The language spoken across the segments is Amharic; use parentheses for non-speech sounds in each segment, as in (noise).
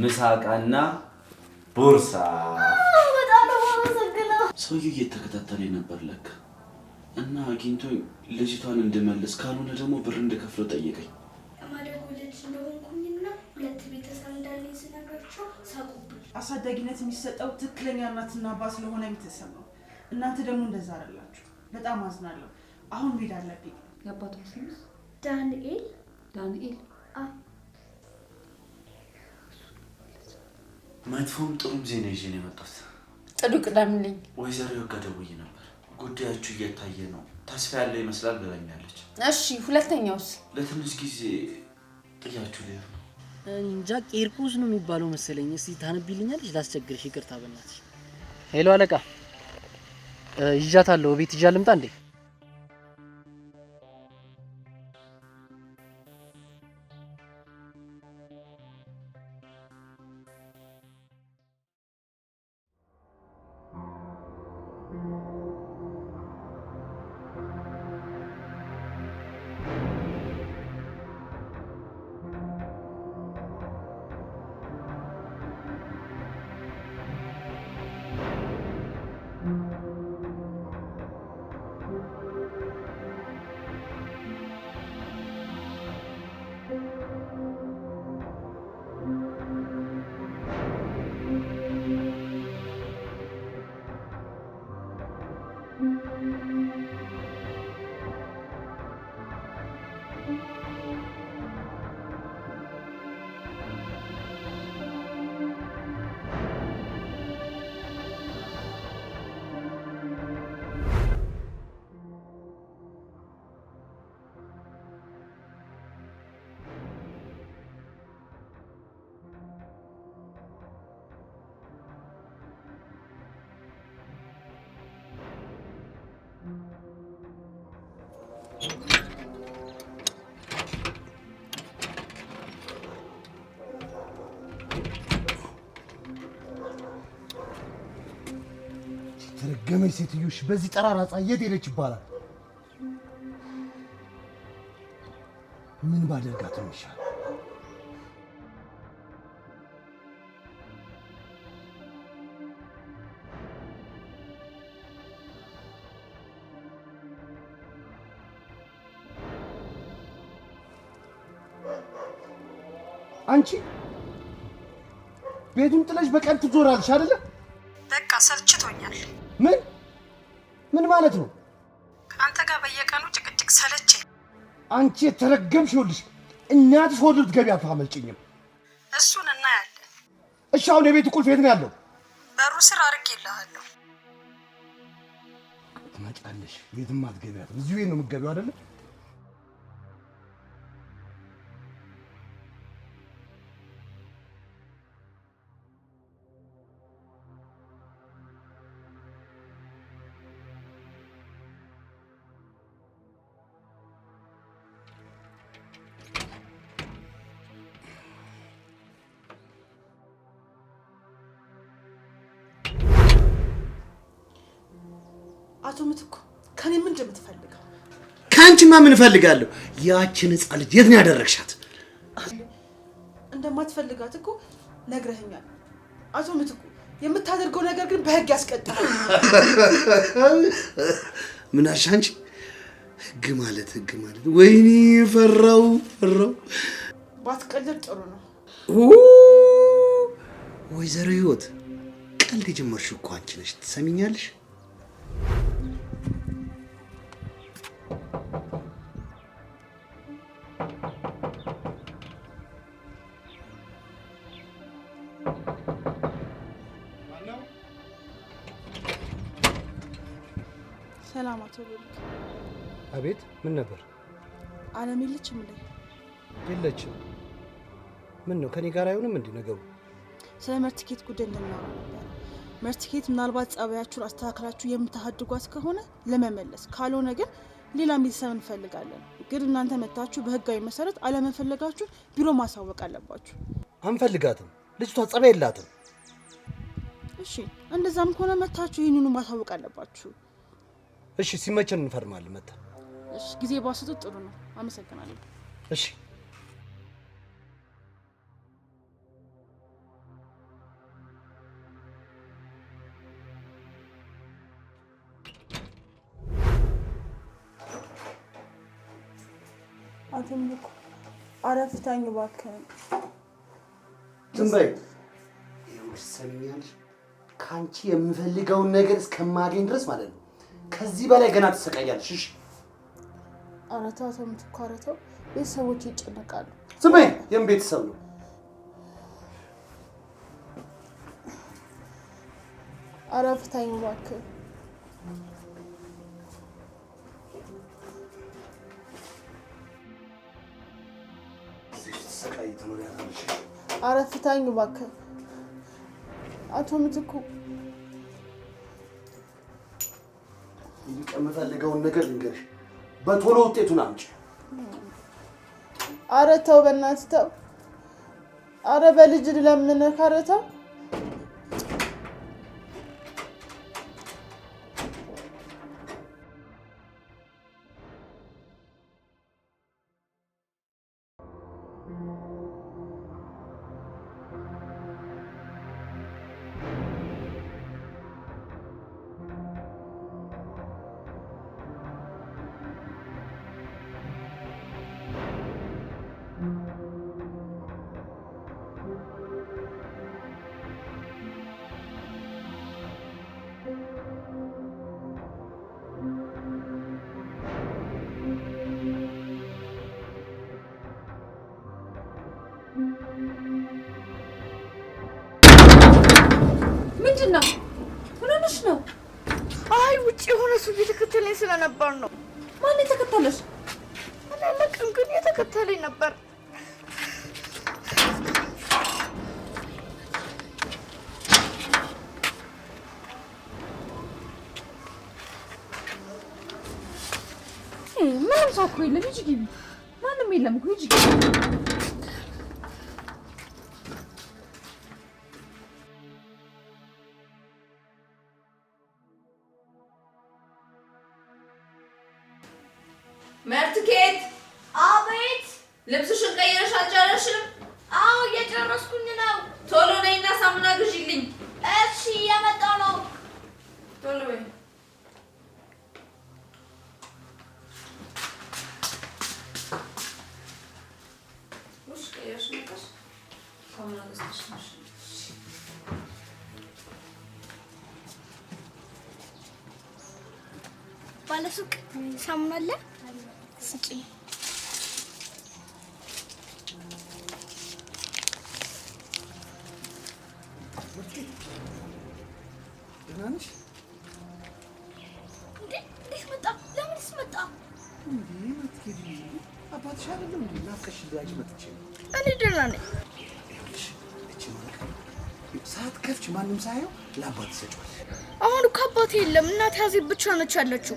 ምሳቃና ቦርሳ ሰውዬው እየተከታተለ ነበር ለካ እና አግኝቶኝ ልጅቷን እንድመልስ ካልሆነ ደግሞ ብር እንድከፍለው ጠየቀኝ። አሳዳጊነት የሚሰጠው ትክክለኛ እናትና አባት ስለሆነ ቤተሰብ ነው። እናንተ ደግሞ እንደዛ አይደላችሁ። በጣም አዝናለሁ። አሁን ሜዳ አለብኝ። ያባቱ ስም ዳንኤል ዳንኤል መጥፎም ጥሩ ዜና ይዤ ነው የመጣሁት። ጽዱ ቅደምልኝ። ወይዘሮ የወጋ ደውዬ ነበር። ጉዳያችሁ እየታየ ነው፣ ተስፋ ያለ ይመስላል ብላኛለች። እሺ፣ ሁለተኛውስ? ለትንሽ ጊዜ ጥያችሁ ሊሆ እንጃ ቂርቆስ ነው የሚባለው መሰለኝ። እስቲ ታነቢልኛለች? ላስቸግርሽ፣ ይቅርታ በእናትሽ። ሄሎ አለቃ፣ ይዣታለሁ። ቤት ይዣ ልምጣ እንዴ? ተረገመች ሴትዮሽ በዚህ ጠራራ ፀሐይ የት ሄደች ይባላል። ምን ባደርጋት ነው ይሻል? አንቺ ቤቱን ጥለሽ በቀን ትዞራለሽ አይደለ? በቃ ሰልችቶኛል። ምን ምን ማለት ነው? ከአንተ ጋር በየቀኑ ጭቅጭቅ ሰለቸኝ። አንቺ የተረገምሽ ይኸውልሽ፣ እናትሽ ሆድ ልትገቢ አታመልጭኝም። እሱን እናያለን። እሺ፣ አሁን የቤቱ ቁልፍ የት ነው ያለው? በሩ ስር አድርጌልሃለሁ። ትመጫለሽ፣ የትም አትገቢያትም። እዚሁ ቤት ነው የምትገቢው አይደለ? አቶ ምትኩ ከኔ ምን እንደምትፈልገው? ከአንቺማ ምን እፈልጋለሁ? ያችን ህፃን ልጅ የት ነው ያደረግሻት? እንደማትፈልጋት እኮ ነግረህኛል አቶ ምትኩ። የምታደርገው ነገር ግን በህግ ያስቀጣል። (laughs) ምን አልሽ አንቺ? ህግ ማለት ህግ ማለት ወይኔ፣ ፈራው ፈራው። ባትቀልድ ጥሩ ነው። ወይዘሮ ህይወት ቀልድ የጀመርሽው እኮ አንቺ ነሽ። ትሰሚኛለሽ? ሰላም አቶ ብሩክ። አቤት። ምን ነበር? አለም የለችም እንዴ? የለችም። ምን ነው ከኔ ጋር አይሆንም እንዴ ነገሩ? ስለ መርትኬት ጉዳይ እንድናወራ ነበር። መርትኬት ምናልባት ጸባያችሁን አስተካክላችሁ የምታሀድጓት ከሆነ ለመመለስ፣ ካልሆነ ግን ሌላ ቤተሰብ እንፈልጋለን። ግን እናንተ መታችሁ በህጋዊ መሰረት አለመፈለጋችሁ ቢሮ ማሳወቅ አለባችሁ። አንፈልጋትም። ልጅቷ ጸባይ የላትም። እሺ፣ እንደዛም ከሆነ መታችሁ ይህንኑ ማሳወቅ አለባችሁ። እሺ፣ ሲመቸን እንፈርማለን መጣ። እሺ፣ ጊዜ ባስጡት ጥሩ ነው። አመሰግናለሁ። እሺ አትንብኩ፣ አረፍታኝ እባክህን። ዝም በይ። ይኸውልሽ ሰሚያለሽ፣ ከአንቺ የምፈልገውን ነገር እስከማገኝ ድረስ ማለት ነው ከዚህ በላይ ገና ትሰቃያለሽ። እሺ አረታ ተምትኳረተው ቤተሰቦች ይጨነቃሉ። ስሜ የምን ቤተሰብ ነው? አረ ፍታኝ እባክህ። አረ ፍታኝ እባክህ አቶ ምትኩ የምፈልገውን ነገር ልንገርሽ፣ በቶሎ ውጤቱን አምጪ። አረ ተው፣ በእናትህ ተው። አረ በልጅ ልለምንህ። አረ ተው በእናትህ ተው አረ በልጅ ምንድን ነው? ምን ሆነሽ ነው? አይ ውጭ የሆነ ሰው እየተከተለኝ ስለነበር ነው። ማን የተከተለሽ? አላለቅም፣ ግን የተከተለኝ ነበር። ምንም ሰው እኮ የለም። ሂጂ ግቢ። ማንም የለም እኮ ሂጂ ግቢ። ባለሱቅ ሳሙና አለ ስጪ ከዚህ ብቻ ነች ያለችው።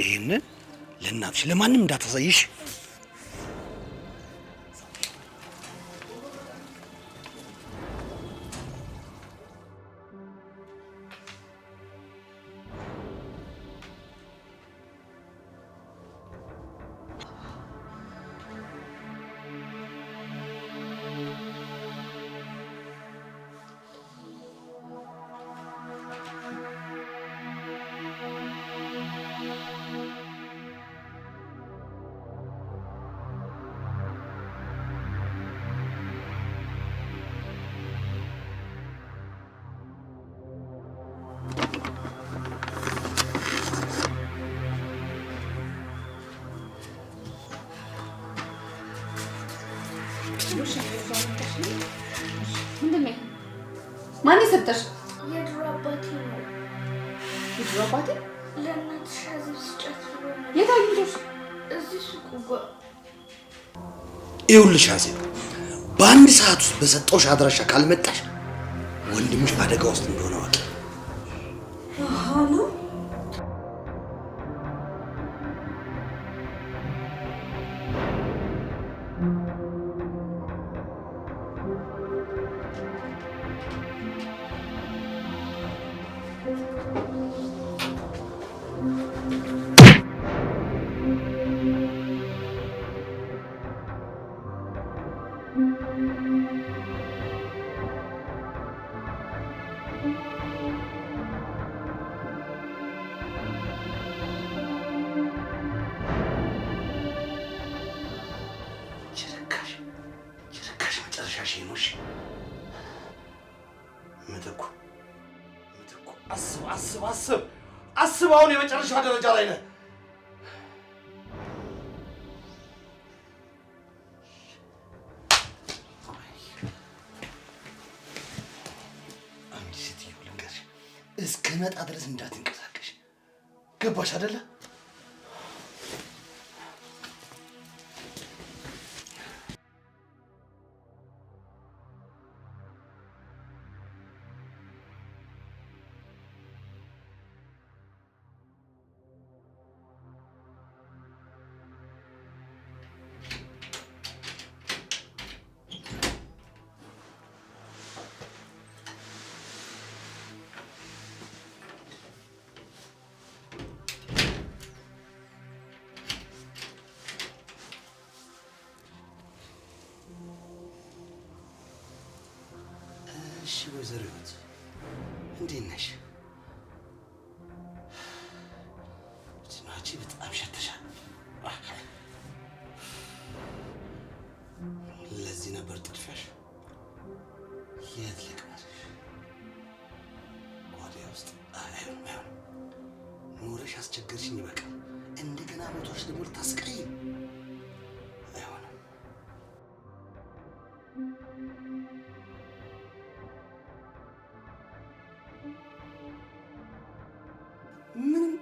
ይህንን ለእናትሽ ለማንም እንዳታሳይሽ። የሰጠሽ? የድሮ አባቴ ነው። የድሮ አባቴ ለእናትሽ አዘብ ስጫት ብሎ የት አግኝቶሽ? እዚህ ሱቁ ጋር። ይኸውልሽ አዜብ፣ በአንድ ሰዓት ውስጥ በሰጠሁሽ አድራሻ ካልመጣሽ ወንድምሽ አደጋ ውስጥ እንደሆነ አስብ አስብ አስብ አስብ። አሁን የመጨረሻ ደረጃ ላይ ነህ። እስከመጣ ድረስ እንዳትንቀሳቀሽ። ገባሽ አይደለ? እሺ ወይዘሮ ህይወት እንዴት ነሽ?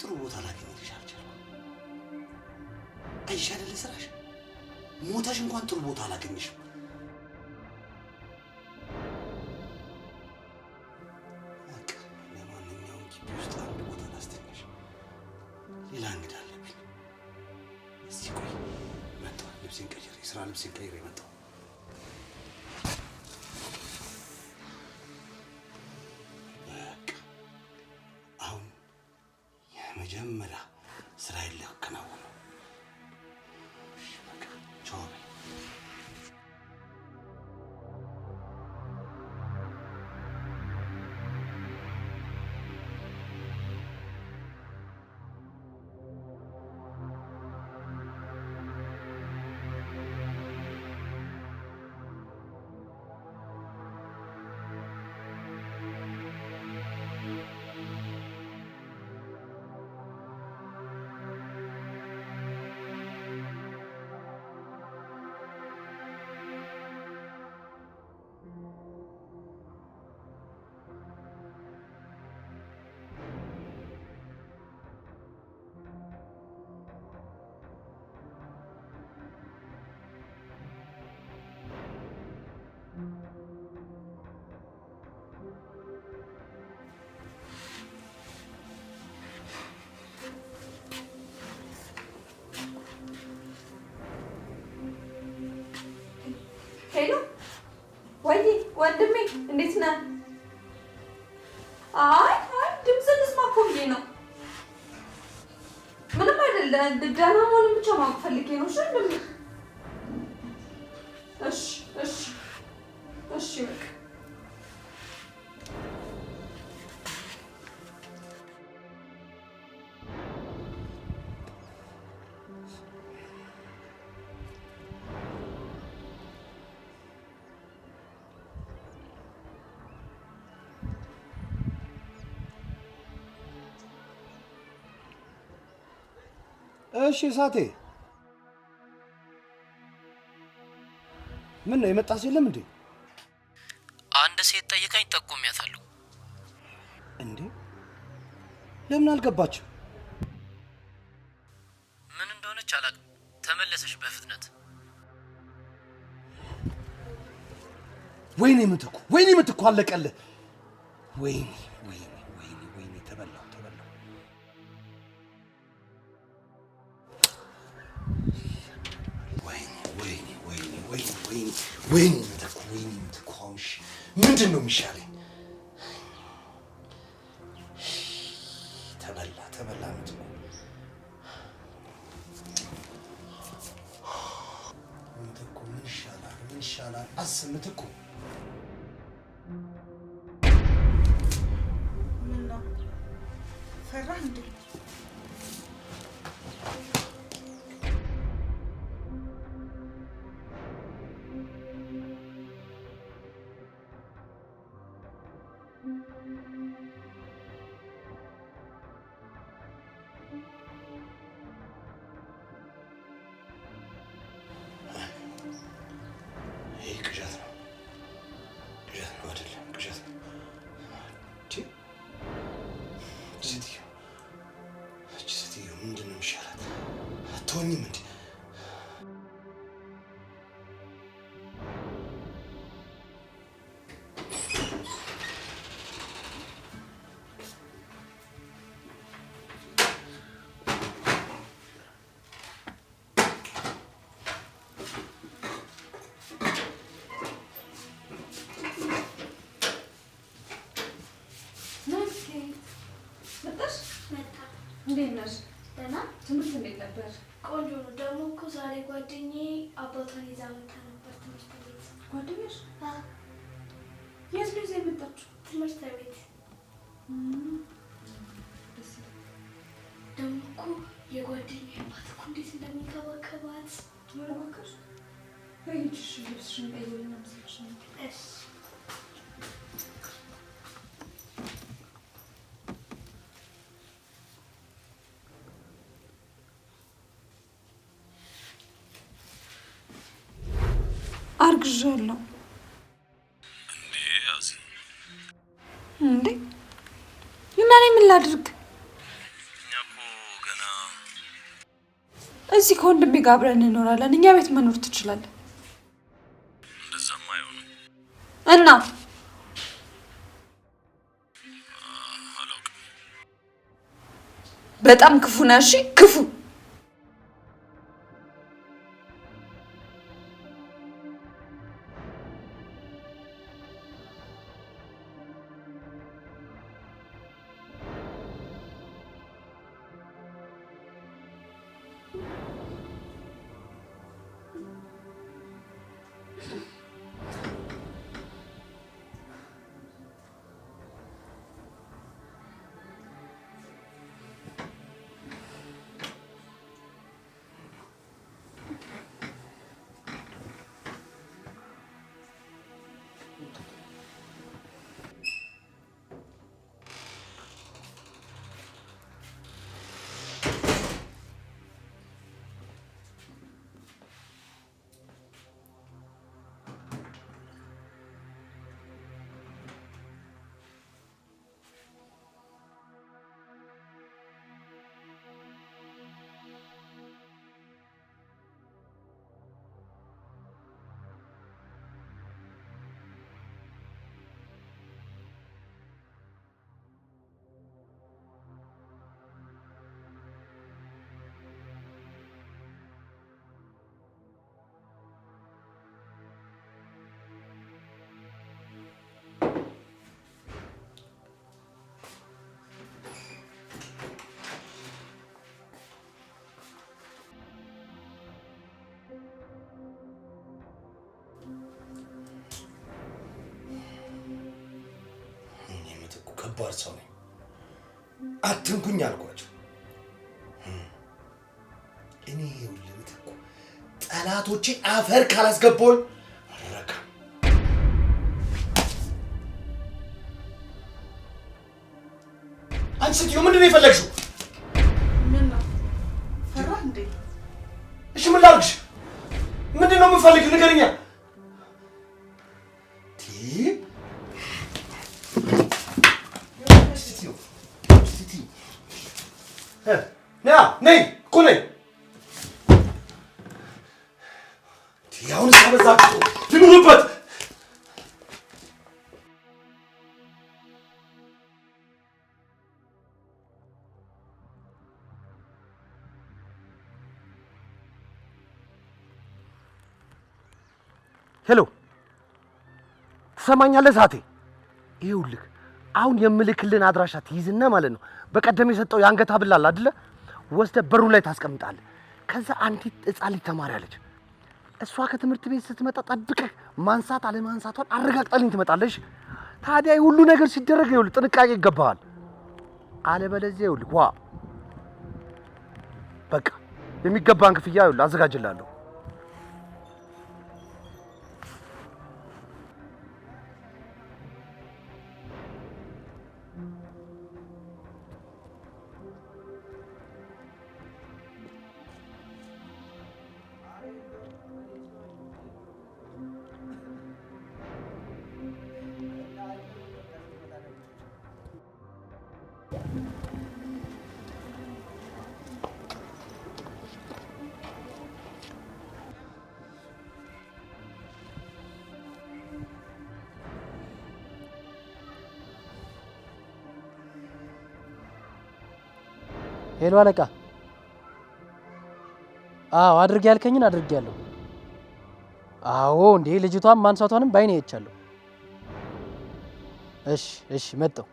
ጥሩ ቦታ ላገኝልሽ አልቻልኩም። አይሻልል ስራሽ ሞተሽ እንኳን ጥሩ ቦታ አላገኝሽም። ሄሎ ወይ ወንድሜ እንዴት ነህ? አይ አይ ድምፅህን ልስማ እኮ ብዬ ነው። ምንም አይደለም፣ ደህና መሆኑን ብቻ ማወቅ ፈልጌ ነው። እሺ ወንድሜ እሺ እሳቴ፣ ምን ነው የመጣ የለም እንዴ? አንድ ሴት ጠይቃኝ ጠቁሚያታለሁ። እንዴ ለምን አልገባችም? ምን እንደሆነች አላውቅም። ተመለሰች በፍጥነት። ወይኔ ምትኩ፣ ወይኔ ምትኩ፣ አለቀለ። ወይኔ ወይኔ የምትቆ ወይኔ የምትቆ ምንድን ነው የሚሻለው? እንዴት ነሽ? ደህና። ትምህርት እንዴት ነበር? ቆንጆ ነው። ደግሞ እኮ ዛሬ ጓደኛዬ አባቷን ይዛ መጣ ነበር ትምህርት ቤት። ጓደኛሽ? አዎ። የት ነው ይዛ የመጣችው? ትምህርት ቤት። ደግሞ እኮ የጓደኛዬ አባት እኮ እንዴት እንደሚንከባከባት አለው እንዴ? እና እኔ ምን ላድርግ? እዚህ ከወንድሜ ጋር አብረን እንኖራለን። እኛ ቤት መኖር ትችላለን። እና በጣም ክፉ ነህ። እሺ ክፉ Thank you. ከባድ ሰው ነኝ። አትንኩኝ አልኳቸው። እኔ ይኸውልህ እኮ ጠላቶቼ አፈር ካላስገባሁኝ አረካ አንቺ ስትዩ ምንድን ነው የፈለግሽው? ምን እንዴ? እሺ ምን ላድርግሽ? ምንድን ነው የምፈልግ ሄሎ ትሰማኛለህ? ሳቴ ይኸውልህ፣ አሁን የምልክልን አድራሻ ትይዝና ማለት ነው በቀደም የሰጠው የአንገት ሐብል አለ አይደለ? ወስደህ በሩ ላይ ታስቀምጣለህ። ከዛ አንዲት ሕፃን ልጅ ተማሪ አለች። እሷ ከትምህርት ቤት ስትመጣ ጠብቀህ ማንሳት አለማንሳቷን አረጋግጠልኝ ትመጣለች ታዲያ ሁሉ ነገር ሲደረግ ይኸውልህ ጥንቃቄ ይገባሃል። አለበለዚያ ይኸውልህ ዋ በቃ የሚገባን ክፍያ ይኸውልህ አዘጋጅልሃለሁ። ሄሎ አለቃ። አዎ አድርጌ ያልከኝን አድርጌያለሁ። አዎ እንዴ ልጅቷን ማንሳቷንም ባይኔ አይቻለሁ። እሺ እሺ መጣሁ።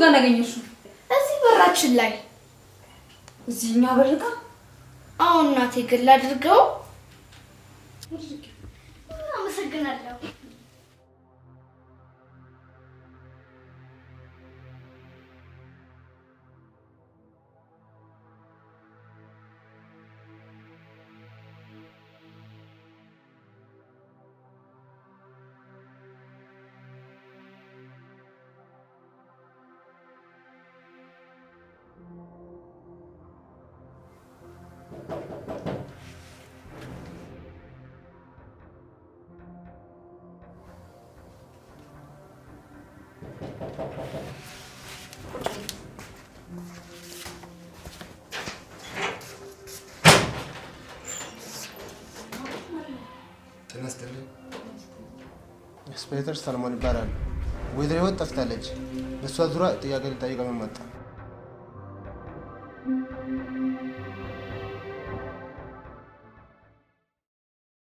ጋር ያገኘሽው? እዚህ በራችን ላይ እዚህኛ በርጋ። አዎ እናቴ፣ ግን ላድርገው። አመሰግናለሁ። ኢንስፔክተር ሰለሞን ይባላል። ወይዘሮ ህይወት ጠፍታለች። በእሷ ዙሪያ ጥያቄ ልጠይቅ መጣ።